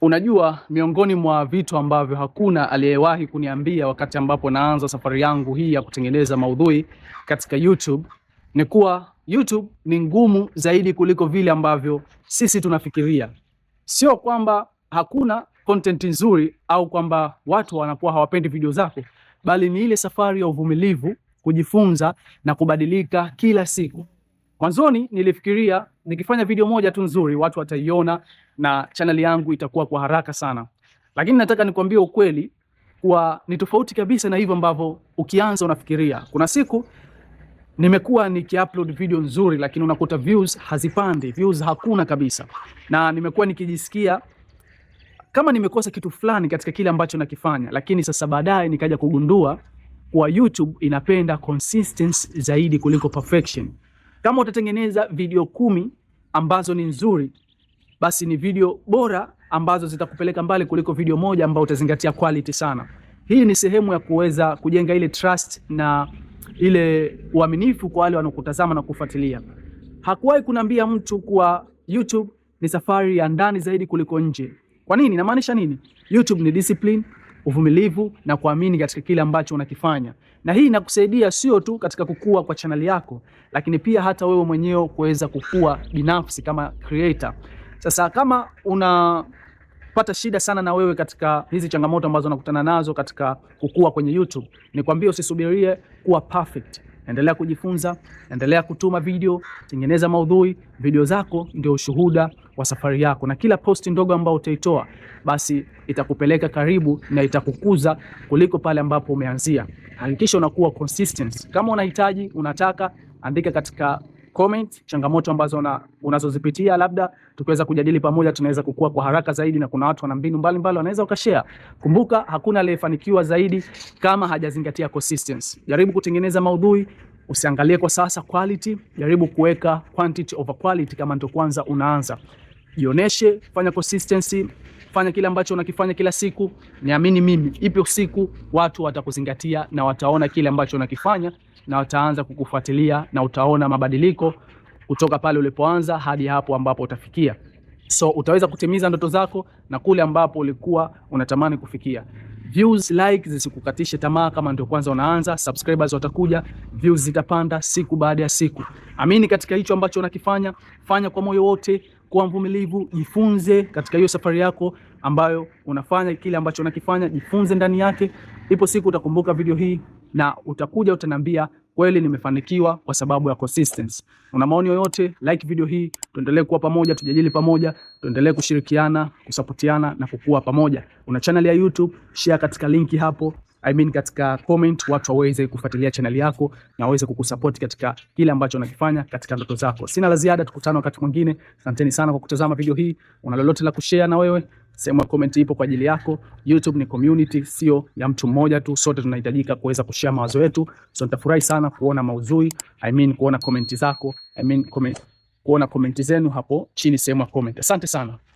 Unajua, miongoni mwa vitu ambavyo hakuna aliyewahi kuniambia wakati ambapo naanza safari yangu hii ya kutengeneza maudhui katika YouTube ni kuwa YouTube ni ngumu zaidi kuliko vile ambavyo sisi tunafikiria. Sio kwamba hakuna content nzuri au kwamba watu wanakuwa hawapendi video zako, bali ni ile safari ya uvumilivu, kujifunza na kubadilika kila siku. Mwanzoni nilifikiria nikifanya video moja tu nzuri watu wataiona na chaneli yangu itakuwa kwa haraka sana, lakini nataka nikwambie ukweli kuwa ni tofauti kabisa na hivyo ambavyo ukianza unafikiria. Kuna siku nimekuwa nikiupload video nzuri, lakini unakuta views hazipandi, views hakuna kabisa, na nimekuwa nikijisikia kama nimekosa kitu fulani katika kile ambacho nakifanya, lakini sasa baadaye nikaja kugundua kuwa YouTube inapenda consistency zaidi kuliko perfection. Kama utatengeneza video kumi ambazo ni nzuri, basi ni video bora ambazo zitakupeleka mbali kuliko video moja ambayo utazingatia quality sana. Hii ni sehemu ya kuweza kujenga ile trust na ile uaminifu kwa wale wanaokutazama na kufuatilia. Hakuwahi kunambia mtu kuwa YouTube ni safari ya ndani zaidi kuliko nje. Kwa nini? Namaanisha nini? YouTube ni discipline uvumilivu na kuamini katika kile ambacho unakifanya, na hii inakusaidia sio tu katika kukua kwa chaneli yako, lakini pia hata wewe mwenyewe kuweza kukua binafsi kama creator. Sasa kama unapata shida sana na wewe katika hizi changamoto ambazo unakutana nazo katika kukua kwenye YouTube, kwambie usisubirie kuwa perfect endelea kujifunza, endelea kutuma video, tengeneza maudhui. Video zako ndio ushuhuda wa safari yako, na kila posti ndogo ambayo utaitoa basi itakupeleka karibu na itakukuza kuliko pale ambapo umeanzia. Hakikisha unakuwa consistent. Kama unahitaji, unataka andika katika comment changamoto ambazo una, unazozipitia labda tukiweza kujadili pamoja, tunaweza kukua kwa haraka zaidi, na kuna watu wana mbinu mbalimbali wanaweza ukashare. Kumbuka hakuna aliyefanikiwa zaidi kama hajazingatia consistency. Jaribu kutengeneza maudhui, usiangalie kwa sasa quality, jaribu kuweka quantity over quality. Kama ndo kwanza unaanza, jioneshe, fanya consistency fanya kile ambacho unakifanya kila siku. Niamini mimi, ipo siku watu watakuzingatia na wataona kile ambacho unakifanya na wataanza kukufuatilia na utaona mabadiliko kutoka pale ulipoanza hadi hapo ambapo utafikia. So utaweza kutimiza ndoto zako na kule ambapo ulikuwa unatamani kufikia. Views, like zisikukatishe tamaa kama ndio kwanza unaanza. Subscribers watakuja, views zitapanda siku baada ya siku. Amini katika hicho ambacho unakifanya, fanya kwa moyo wote kuwa mvumilivu, jifunze katika hiyo safari yako ambayo unafanya kile ambacho unakifanya, jifunze ndani yake. Ipo siku utakumbuka video hii na utakuja utaniambia kweli nimefanikiwa kwa sababu ya consistency. Una maoni yoyote, like video hii, tuendelee kuwa pamoja, tujadili pamoja, tuendelee kushirikiana, kusapotiana na kukua pamoja. Una channel ya YouTube, share katika linki hapo. I mean katika comment watu waweze kufuatilia channel yako na waweze kukusupport katika kile ambacho unakifanya katika ndoto zako. Sina la ziada, tukutane wakati mwingine. Asanteni sana kwa kutazama video hii. Una lolote la kushare na wewe, sehemu ya comment ipo kwa ajili yako. YouTube ni community, sio ya mtu mmoja tu, sote tunahitajika kuweza kushare mawazo yetu. So nitafurahi sana kuona mauzui, I mean kuona comment zako, I mean comment, kuona comment zenu hapo chini sehemu ya comment. Asante sana.